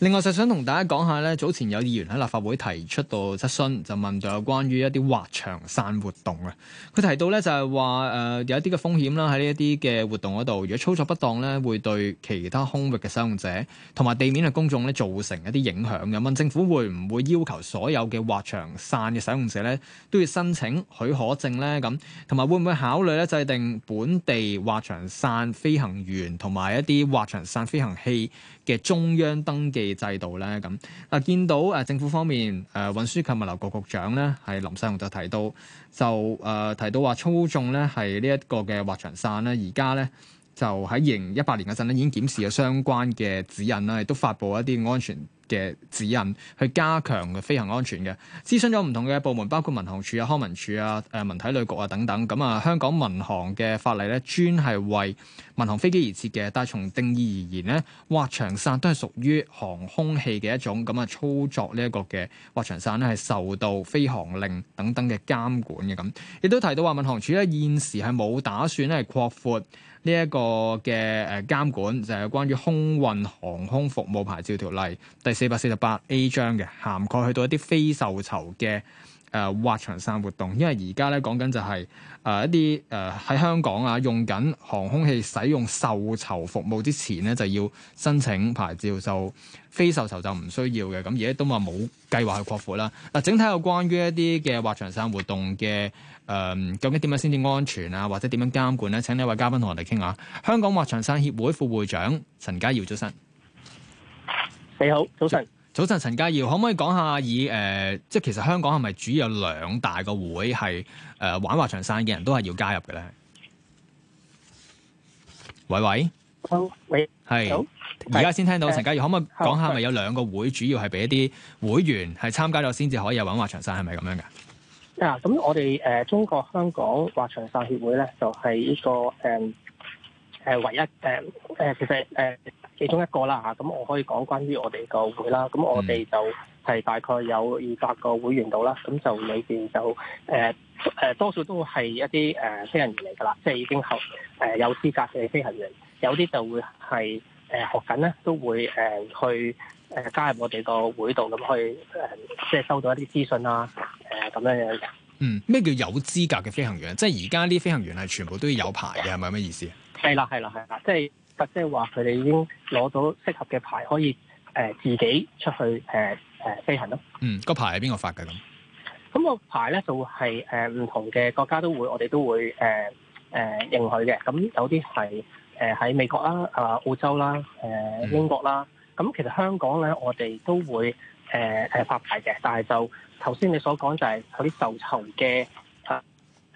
另外就想同大家講下咧，早前有議員喺立法會提出到質詢，就問到有關於一啲滑翔傘活動啊。佢提到咧就係話誒有一啲嘅風險啦，喺一啲嘅活動嗰度，如果操作不當咧，會對其他空域嘅使用者同埋地面嘅公眾咧造成一啲影響嘅。問政府會唔會要求所有嘅滑翔傘嘅使用者咧都要申請許可證咧？咁同埋會唔會考慮咧制定本地滑翔傘飛行員同埋一啲滑翔傘飛行器嘅中央登記制度咧，咁嗱、啊，見到誒、啊、政府方面誒、啊、運輸及物流局局長咧，係林世雄就提到，就誒、啊、提到話操縱咧係呢一個嘅滑翔散滑翔傘咧，而家咧就喺二零一八年嗰陣咧，已經檢視咗相關嘅指引啦，亦都發布一啲安全嘅指引去加強嘅飛行安全嘅諮詢咗唔同嘅部門，包括民航處啊、康文署啊、誒文體旅局啊等等。咁啊，香港民航嘅法例咧專係為民航飛機而設嘅。但係從定義而言咧，滑翔傘都係屬於航空器嘅一種，咁啊，操作呢一個嘅滑翔傘咧係受到飛航令等等嘅監管嘅。咁亦都提到話民航處咧現時係冇打算咧係擴闊呢一個嘅誒監管，就係、是、關於空運航空服務牌照條例第四百四十八 A 章嘅涵蓋去到一啲非受酬嘅誒滑翔傘活動，因為而家咧講緊就係、是、誒、呃、一啲誒喺香港啊用緊航空器使用受酬服務之前咧就要申請牌照，就非受酬就唔需要嘅。咁而家都話冇計劃去擴闊啦。嗱，整體有關於一啲嘅滑翔傘活動嘅誒、呃，究竟點樣先至安全啊，或者點樣監管咧？請呢位嘉賓同我哋傾下，香港滑翔傘協會副會長陳家耀先生。你好，早晨。早晨，陳家耀，可唔可以講下以誒、呃，即係其實香港係咪主要有兩大個會係誒、呃、玩滑翔傘嘅人都係要加入嘅咧？喂喂，喂，係，而家先聽到陳家耀，呃、可唔可以講下係咪有兩個會，主要係俾一啲會員係參加咗先至可以玩滑翔傘，係咪咁樣㗎？啊、嗯，咁我哋誒、呃，中國香港滑翔傘協會咧，就係、是、呢、這個誒誒、呃呃、唯一誒誒、呃呃，其實誒。呃其中一個啦嚇，咁我可以講關於我哋個會啦。咁我哋就係大概有二百個會員度啦。咁就裏邊就誒誒多數都係一啲誒飛行員嚟㗎啦，即係已經合誒有資、呃、格嘅飛行員。有啲就會係誒、呃、學緊咧，都會誒、呃、去誒、呃、加入我哋個會度咁去誒，即係收到一啲資訊啦，誒咁樣樣嘅。嗯，咩叫有資格嘅飛行員？即係而家啲飛行員係全部都要有牌嘅，係咪咩意思啊？係啦，係啦，係啦，即係。即係話佢哋已經攞到適合嘅牌，可以誒自己出去誒誒飛行咯。嗯，個牌係邊個發嘅咁？咁、個牌咧就係誒唔同嘅國家都會，我哋都會誒誒認許嘅。咁有啲係誒喺美國啦、啊、呃、澳洲啦、誒、呃、英國啦。咁、嗯、其實香港咧，我哋都會誒誒、呃、發牌嘅。但係就頭先你所講就係嗰啲受酬嘅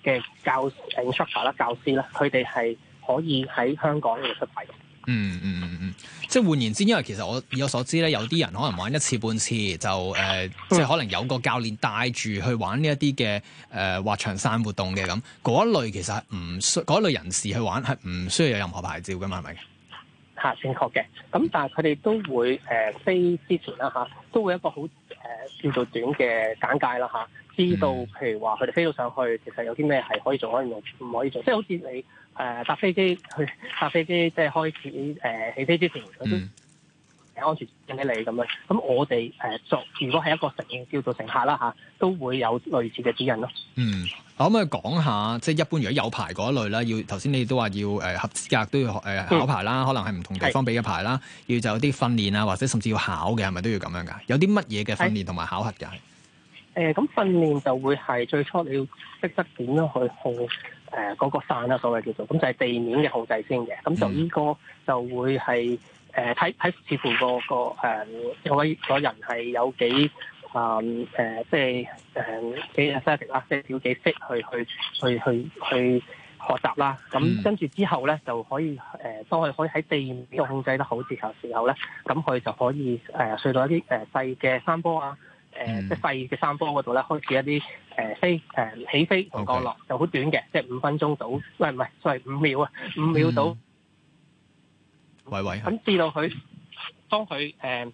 嘅教 instructor 啦、教師啦，佢哋係。可以喺香港要出牌。嗯嗯嗯嗯，即係換言之，因為其實我以我所知咧，有啲人可能玩一次半次就誒、呃嗯，即係可能有個教練帶住去玩呢一啲嘅誒滑翔傘活動嘅，咁，嗰一類其實係唔需嗰一類人士去玩係唔需要有任何牌照嘅嘛，係咪？吓，正確嘅，咁但係佢哋都會誒、呃，飛之前啦吓，都會一個好。誒、呃、叫做短嘅簡介啦吓，知道譬如話佢哋飛到上去，其實有啲咩係可以做，可以用，唔可以做，即係好似你誒、呃、搭飛機去搭飛機，即係開始誒、呃、起飛之前。嗯安全引起你咁樣，咁我哋誒作，如果係一個乘叫做乘客啦嚇，都會有類似嘅指引咯。嗯，我可唔可以講下，即係一般如果有牌嗰一類啦，要頭先你都話要誒合資格都要誒考牌啦、嗯，可能係唔同地方俾嘅牌啦，要就有啲訓練啊，或者甚至要考嘅，係咪都要咁樣㗎？有啲乜嘢嘅訓練同埋考核㗎？係誒，咁訓練就會係最初你要識得點樣去控誒嗰個傘啦，所謂叫做咁就係地面嘅控制先嘅，咁就呢個就會係。誒睇睇似乎個個有嗰位嗰人係有幾誒誒、呃、即係誒、呃、幾 interesting 啦，即係有幾識去去去去去學習啦。咁跟住之後咧，就可以誒、呃、當佢可以喺地面嘅控制得好、這個、時候時候，咧，咁佢就可以誒睡、呃、到一啲誒細嘅山坡啊，誒、嗯、即係細嘅山坡嗰度咧開始一啲誒、呃、飛誒起飛同降落，okay。就好短嘅，即係五分鐘到，唔係唔係，所係五秒啊、嗯，五秒到。嗯喂喂，咁知道佢當佢誒、呃，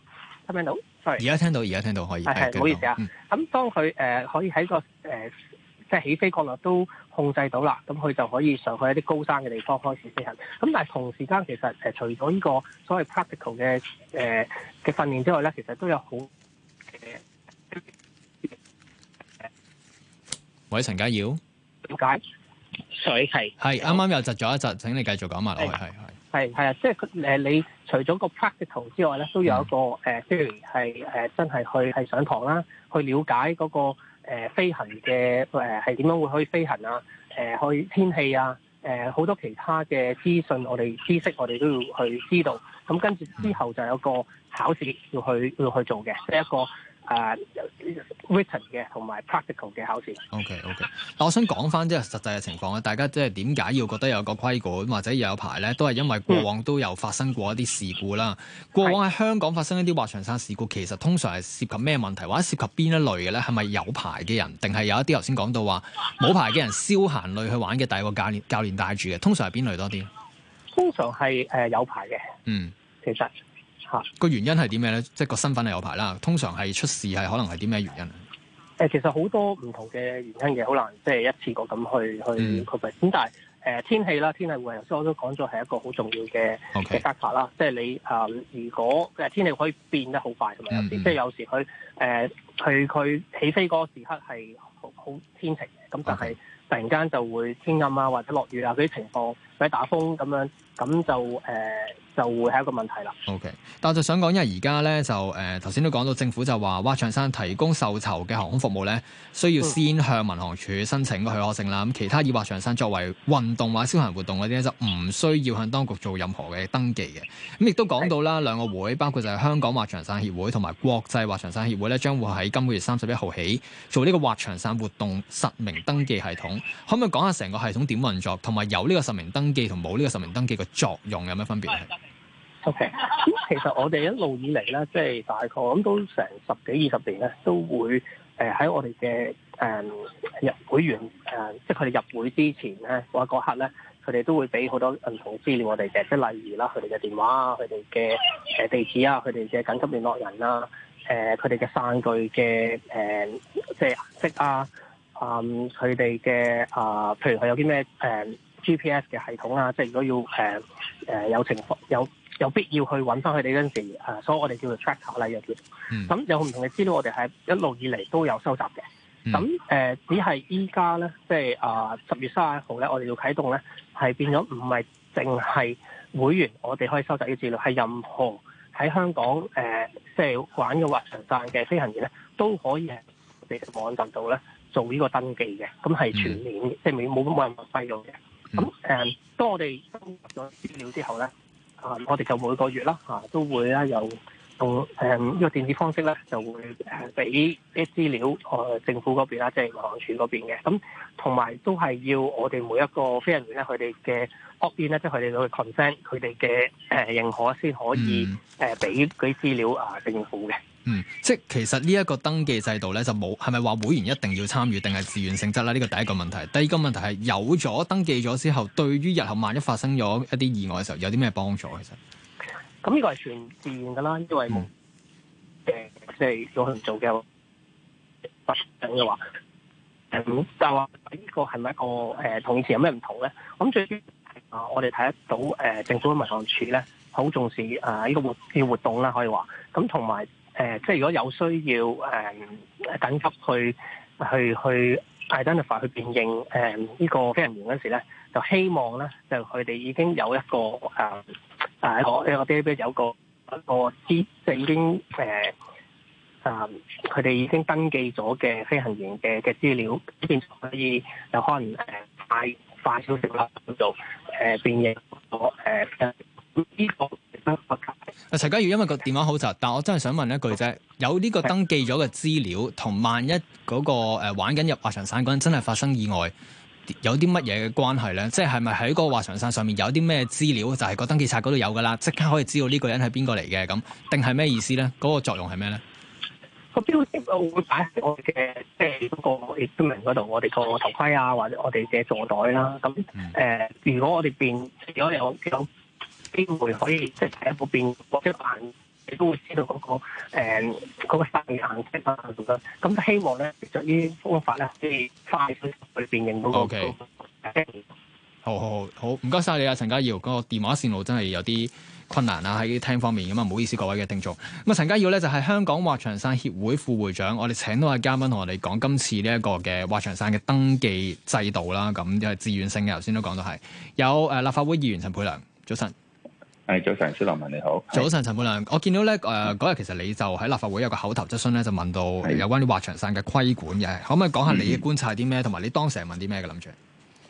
聽到，而家聽到，而家聽，聽到，可以，唔好意思啊。咁、嗯、當佢誒、呃、可以喺個誒、呃、即係起飛角落都控制到啦，咁佢就可以上去一啲高山嘅地方開始飛行。咁但係同時間其實誒、呃、除咗呢個所謂 practical 嘅誒嘅訓練之外咧，其實都有好誒、呃。喂，陳家耀，點解水係係啱啱又窒咗一窒？請你繼續講埋落去，係。係係啊，即係誒、呃，你除咗個 practical 之外咧，都有一個誒 theory 係真係去上堂啦，去了解嗰、那個飛、呃、飛行嘅係點樣會可以飛行啊，誒、呃、去天氣啊，好、呃、多其他嘅資訊，我哋知識我哋都要去知道。咁跟住之後就有個考試要去要去做嘅，即、就、係、是、一個。啊、uh，有 written 嘅同埋 practical 嘅考試。OK，OK，嗱，我想講翻即係實際嘅情況啦。大家即係點解要覺得有個規管或者有牌咧？都係因為過往都有發生過一啲事故啦、嗯。過往喺香港發生一啲滑翔傘事故，其實通常係涉及咩問題，或者涉及邊一類嘅咧？係咪有牌嘅人，定係有一啲頭先講到話冇牌嘅人消閒類去玩嘅，帶個教練教練帶住嘅？通常係邊類多啲？通常係誒、呃、有牌嘅。嗯，其實。嚇個原因係點咩咧？即係個身份係有排啦。通常係出事係可能係啲咩原因咧？其實好多唔同嘅原因嘅，好難即係一次過咁去、嗯、去 cover。咁但係誒天氣啦，天氣會頭先我都講咗係一個好重要嘅嘅因素啦。Okay. 即係你啊、呃，如果嘅天氣可以變得好快咁樣有啲、嗯、即係有時佢誒佢佢起飛嗰個時刻係好好天晴嘅，咁但係突然間就會天陰啊，或者落雨啊嗰啲情況，或者打風咁樣，咁就誒。呃就會係一個問題啦。Okay. 但我就想講，因為而家咧就誒頭先都講到政府就話滑翔傘提供受酬嘅航空服務咧，需要先向民航處申請個許可證啦。咁其他以滑翔傘作為運動或者消閒活動嗰啲咧，就唔需要向當局做任何嘅登記嘅。咁亦都講到啦，兩個會包括就係香港滑翔傘協會同埋國際滑翔傘協會咧，將會喺今個月三十一號起做呢個滑翔傘活動實名登記系統。可唔可以講下成個系統點運作，同埋有呢個實名登記同冇呢個實名登記嘅作用有咩分別？OK，咁其實我哋一路以嚟咧，即係大概咁都成十幾二十年咧，都會誒喺、呃、我哋嘅誒入會員誒，即係佢哋入會之前咧，或者嗰刻咧，佢哋都會俾好多唔同資料我哋嘅，即係例如啦，佢哋嘅電話啊，佢哋嘅地址啊，佢哋嘅緊急聯絡人啦，誒佢哋嘅散據嘅誒即係顏色啊，佢哋嘅啊，譬如佢有啲咩、呃、GPS 嘅系統啊，即係如果要誒、呃、有情況有。有必要去揾翻佢哋嗰陣時，所以我哋叫做 track down 嚟嘅叫做。咁、嗯、有唔同嘅資料，我哋係一路以嚟都有收集嘅。咁、嗯、誒，只係依家咧，即係啊十月卅一號咧，我哋要啟動咧，係變咗唔係淨係會員，我哋可以收集啲資料，係任何喺香港誒即係玩嘅滑翔傘嘅飛行員咧，都可以喺我哋網站度咧做呢個登記嘅。咁係全面，即係冇冇任何費用嘅。咁、嗯、誒、嗯，當我哋收集咗資料之後咧。啊、 嗯， 我哋就每個月啦，都會咧有、有、呃、用誒一個電子方式咧，就會誒俾啲資料政府嗰邊啦，即係民航處嗰邊嘅。咁同埋都係要我哋每一個飛人員咧，佢哋嘅 opt in 咧，即係佢哋去 consent 佢哋嘅誒認可先可以誒俾啲資料啊政府嘅。嗯，即係其實呢一個登記制度咧就冇係咪話會員一定要參與定係自願性質咧？呢個第一個問題。第二個問題係有咗登記咗之後，對於日後萬一發生咗一啲意外嘅時候，有啲咩幫助其實？咁呢個係全自願噶啦，因為誒係、嗯、做做嘅、嗯呃呃呃這個、活動嘅話，咁就呢個係咪一個誒同前有咩唔同咧？咁最啊，我哋睇得到誒政府民航處咧好重視啊呢個活要活動啦，可以話咁同埋。嗯誒、呃，即係如果有需要誒緊急去去去 identify 去辨認誒呢、呃這個飛行員嗰時咧，就希望咧就佢哋已經有一個誒誒、呃呃、一個 data 有個一個資，即係已經誒啊，佢、呃、哋、呃、已經登記咗嘅飛行員嘅嘅資料，依邊可以就可能誒、呃、快快少少啦，叫做誒辨認咗、這、呢個。呃這個陳家耀，因為個電話好窒，但我真係想問一句啫，有呢個登記咗嘅資料，同萬一嗰個玩緊入滑翔傘嗰人真係發生意外，有啲乜嘢嘅關係咧？即係係咪喺個滑翔傘上面有啲咩資料，就係、是、個登記冊嗰度有噶啦，即刻可以知道呢個人係邊個嚟嘅咁？定係咩意思咧？嗰、那個作用係咩咧？個標識我會擺喺我嘅即係嗰個 equipment 嗰度，我哋個頭盔啊，或者我哋嘅座袋啦。咁如果我哋變如果有。機會可以即係睇一部變國籍行，你都會知道嗰個誒嗰個法律硬質啊，咁希望咧，藉助於法咧，即係快去去辨認嗰 O K。好好好，唔該晒你啊，陳家耀，嗰個電話線路真係有啲困難啊，喺聽方面咁啊，唔好意思各位嘅聽眾。咁啊，陳家耀咧就係香港滑翔傘協會副會長，我哋請到阿嘉賓同我哋講今次呢一個嘅滑翔傘嘅登記制度啦，咁因為自願性嘅，頭先都講到係有誒立法會議員陳沛良，早晨。係早晨，小樂文你好。早晨，陳沛良，我見到咧，誒、嗯、嗰、呃、日其實你就喺立法會有個口頭質詢咧，就問到有關啲滑翔傘嘅規管嘅、嗯，可唔可以講下你嘅觀察啲咩？同埋你當時係問啲咩嘅諗住？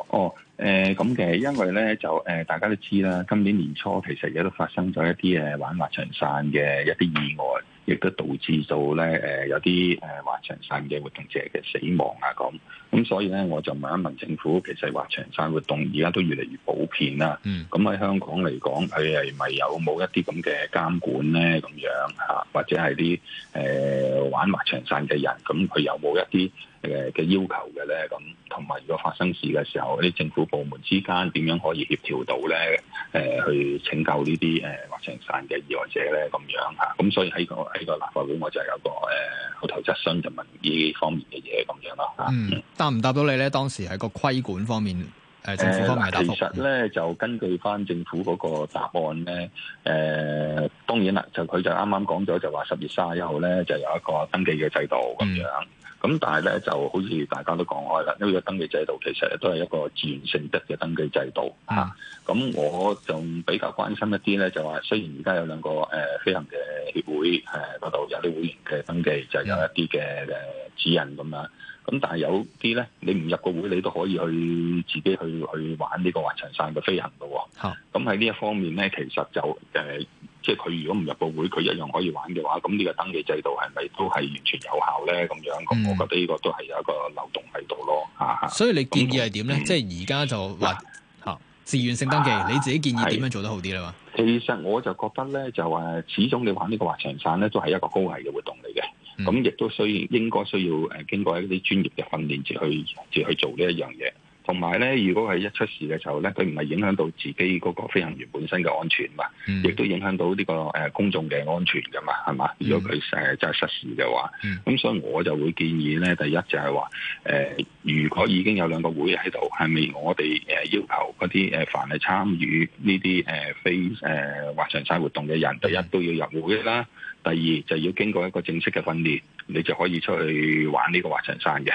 哦、誒、呃，咁嘅，因為咧就誒、呃，大家都知啦，今年年初其實而家都發生咗一啲誒玩滑翔傘嘅一啲意外。亦都導致到咧，誒、呃、有啲誒、呃、滑翔傘嘅活動者嘅死亡啊，咁咁所以咧，我就問一問政府，其實滑翔傘活動而家都越嚟越普遍啦。嗯，咁喺香港嚟講，佢係咪有冇一啲咁嘅監管咧？咁樣嚇，或者係啲誒玩滑翔傘嘅人，咁佢有冇一啲？嘅嘅要求嘅咧，咁同埋如果發生事嘅時候，啲政府部門之間點樣可以協調到咧？誒、呃，去拯救呢啲誒滑翔傘嘅意外者咧，咁樣嚇。咁、啊、所以喺、個喺個立法會，我就有個誒口頭質詢，就問呢方面嘅嘢咁樣咯、啊。嗯，能能答唔答到你咧？當時喺個規管方面。誒、嗯，其實咧就根據翻政府嗰個答案咧，誒、嗯、當然啦，他就佢就啱啱講咗，就話十月三十一號咧就有一個登記嘅制度咁、嗯、樣。咁但係咧就好似大家都講開啦，呢個登記制度其實都係一個自願性嘅登記制度啊。咁、嗯、我仲比較關心一啲咧，就話雖然而家有兩個誒飛行嘅協會誒嗰度有啲會員嘅登記，就有一啲嘅誒指引咁樣。咁但係有啲咧，你唔入個會，你都可以去自己去去玩呢個滑翔傘嘅飛行嘅喎。咁喺呢一方面咧，其實就、呃、即係佢如果唔入個會，佢一樣可以玩嘅話，咁呢個登記制度係咪都係完全有效咧？咁樣、嗯，我覺得呢個都係有一個漏洞喺度咯。所以你建議係點咧？即係而家就話自願性登記，你自己建議點樣做得好啲啦、啊？其實我就覺得咧，就誒，始終你玩呢個滑翔傘咧，都係一個高危嘅活動嚟嘅。咁亦都需要，應該需要誒經過一啲專業嘅訓練，至去先去做呢一樣嘢。同埋咧，如果係一出事嘅時候咧，佢唔係影響到自己嗰個飛行員本身嘅安全嘛，亦、嗯、都影響到呢、呢個、呃、公眾嘅安全噶嘛，係嘛？如果佢就、呃嗯、真係失事嘅話，咁、嗯、所以我就會建議咧，第一就係話、呃、如果已經有兩個會喺度，係咪我哋、呃、要求嗰啲誒凡係參與呢啲誒飛誒滑翔傘活動嘅人、嗯，第一都要入會啦。第二就要經過一個正式嘅訓練，你就可以出去玩呢個滑翔傘嘅。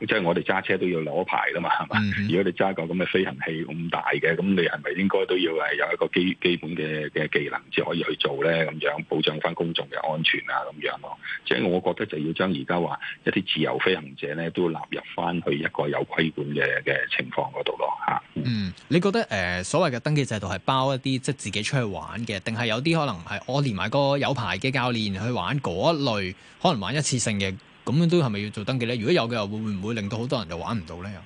即係我哋揸車都要攞牌噶嘛，係、嗯、嘛？如果你揸個咁嘅飛行器咁大嘅，咁你係咪應該都要係有一個基基本嘅嘅技能至可以去做咧？咁樣保障翻公眾嘅安全啊，咁樣咯。即係我覺得就要將而家話一啲自由飛行者咧，都要納入翻去一個有規管嘅嘅情況嗰度咯，嚇。嗯，你覺得誒、呃、所謂嘅登記制度係包一啲即係自己出去玩嘅，定係有啲可能係我連埋個有牌嘅教練去玩嗰一類，可能玩一次性嘅？咁樣都係咪要做登記咧？如果有嘅話，會唔會令到好多人又玩唔到咧又？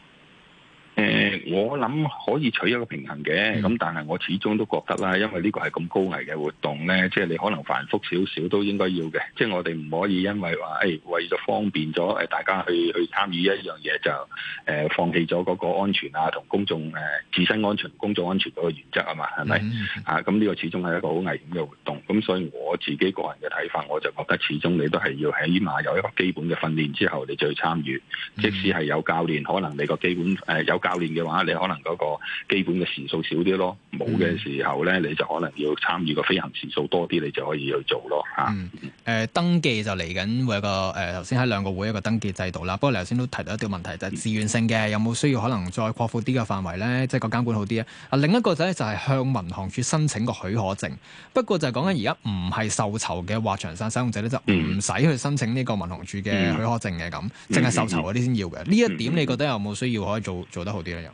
我諗可以取一個平衡嘅，咁、嗯、但係我始終都覺得啦，因為呢個係咁高危嘅活動呢，即係你可能繁複少少都應該要嘅，即係我哋唔可以因為話誒、哎、為咗方便咗誒大家去去參與一樣嘢就誒、呃、放棄咗嗰個安全啊同公眾誒、呃、自身安全、公眾安全嗰個原則啊嘛，係咪、嗯、啊？咁、這、呢個始終係一個好危險嘅活動，咁所以我自己個人嘅睇法，我就覺得始終你都係要起碼有一個基本嘅訓練之後，你再參與，嗯、即使係有教練，可能你個基本誒、呃、有教練嘅話。你可能嗰個基本嘅時數少啲咯，冇嘅時候咧，你就可能要參與個飛行時數多啲，你就可以去做咯嚇。誒、嗯呃、登記就嚟緊會有個誒頭先喺兩個會一個登記制度啦。不過你頭先都提到一個問題，就係、是、自願性嘅，有冇需要可能再擴闊啲嘅範圍咧？即係個監管好啲咧。啊另一個就咧就係向民航處申請個許可證，不過就係講緊而家唔係受酬嘅滑翔傘使用者咧，就唔使去申請呢個民航處嘅許可證嘅咁，淨、嗯、係受酬嗰啲先要嘅。呢、嗯嗯、一點你覺得有冇需要可以做做得好啲咧？又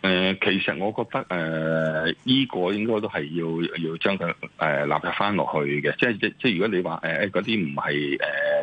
誒、呃，其實我覺得誒，呢、呃這個應該都係要要將佢誒納入翻落去嘅，即係即即如果你話誒誒嗰啲唔係誒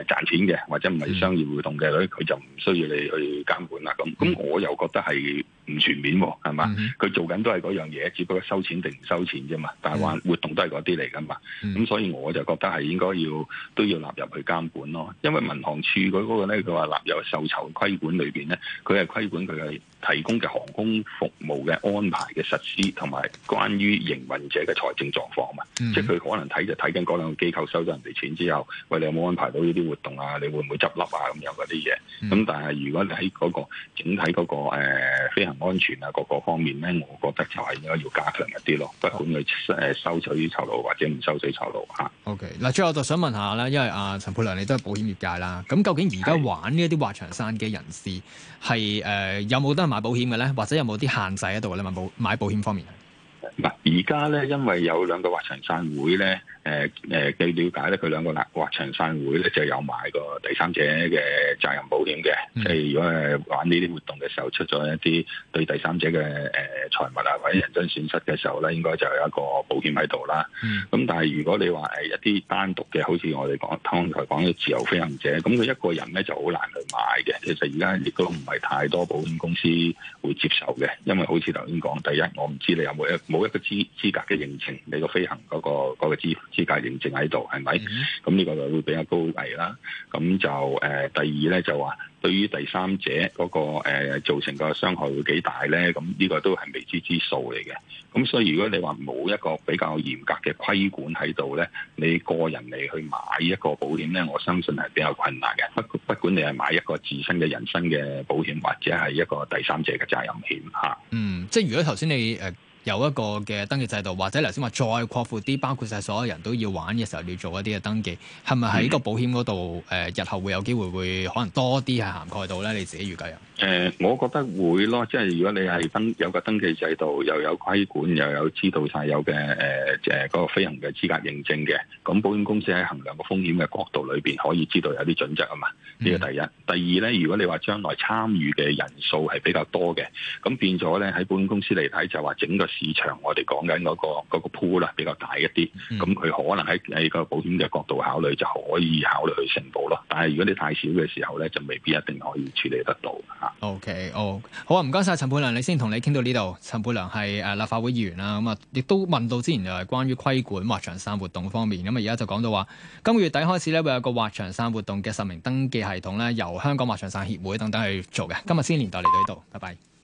賺錢嘅，或者唔係商業活動嘅咧，佢就唔需要你去監管啦。咁咁，那我又覺得係。唔全面喎、哦，係嘛？佢、mm-hmm. 做緊都係嗰樣嘢，只不過收錢定唔收錢啫嘛。但係玩活動都係嗰啲嚟㗎嘛。咁、mm-hmm. 嗯、所以我就覺得係應該要都要納入去監管咯。因為民航處嗰個咧，佢話納入受酬規管裏面咧，佢係規管佢係提供嘅航空服務嘅安排嘅實施同埋關於營運者嘅財政狀況嘛。Mm-hmm. 即係佢可能睇就睇緊嗰兩個機構收咗人哋錢之後，喂，你有冇安排到呢啲活動啊？你會唔會執笠啊？咁樣嗰啲嘢。咁、mm-hmm. 但係如果你喺嗰個整體嗰、那個、呃、飛行，安全啊，各個方面咧，我覺得就係應該要加強一啲咯。不管佢收收取酬勞或者唔收取酬勞，吓。O K，嗱，最後就想問下啦，因為阿陳佩良你都係保險業界啦，咁究竟而家玩呢一啲滑翔傘嘅人士係誒、呃、有冇得買保險嘅咧？或者有冇啲限制喺度咧？買保買保險方面？而家咧，因為有兩個滑翔傘會咧，誒、呃、誒，據、呃、了解咧，佢兩個滑翔傘會咧就有買過第三者嘅責任保險嘅。誒、嗯，即係、如果係玩呢啲活動嘅時候出咗一啲對第三者嘅、呃、財物啊或者人身損失嘅時候咧，應該就有一個保險喺度啦。咁、嗯、但係如果你話係一啲單獨嘅，好似我哋講討論台講嘅自由飛行者，咁佢一個人咧就好難去買嘅。其實而家亦都唔係太多保險公司會接受嘅，因為好似頭先講，第一我唔知你有冇一冇一個資格嘅認證，你個飛行嗰、那個嗰、那個資資格認證喺度，係咪？咁、mm-hmm. 呢個就會比較高危啦。咁就誒、呃，第二咧就話，對於第三者嗰、那個誒、呃、造成個傷害會幾大咧？咁呢個都係未知之數嚟嘅。咁所以如果你話冇一個比較嚴格嘅規管喺度咧，你個人嚟去買一個保險咧，我相信係比較困難嘅。不不管你係買一個自身嘅人身嘅保險，或者係一個第三者嘅責任險吓。嗯，即係如果頭先你誒。有一個嘅登記制度，或者頭先話再擴闊啲，包括晒所有人都要玩嘅時候要做一啲嘅登記，係咪喺個保險嗰度？誒、呃，日後會有機會會可能多啲係涵蓋到咧？你自己預計啊？誒、呃，我覺得會咯，即係如果你係登有個登記制度，又有規管，又有知道晒有嘅誒誒嗰個飛行嘅資格認證嘅，咁保險公司喺衡量個風險嘅角度裏邊可以知道有啲準則啊嘛。嗯、呢個第一，第二咧，如果你話將來參與嘅人數係比較多嘅，咁變咗咧喺保險公司嚟睇就話整個。市場我哋講緊嗰個嗰個 pool 啦比較大一啲，咁佢可能喺喺個保險嘅角度考慮就可以考慮去承保咯。但係如果你太少嘅時候咧，就未必一定可以處理得到嚇。OK，、oh. 好，好啊，唔該晒陳沛良，你先同你傾到呢度。陳沛良係立法會議員啦，咁啊亦都問到之前就係關於規管滑翔傘活動方面，咁啊而家就講到話，今個月底開始咧會有個滑翔傘活動嘅實名登記系統咧，由香港滑翔傘協會等等去做嘅。今日先年代嚟到呢度，拜拜。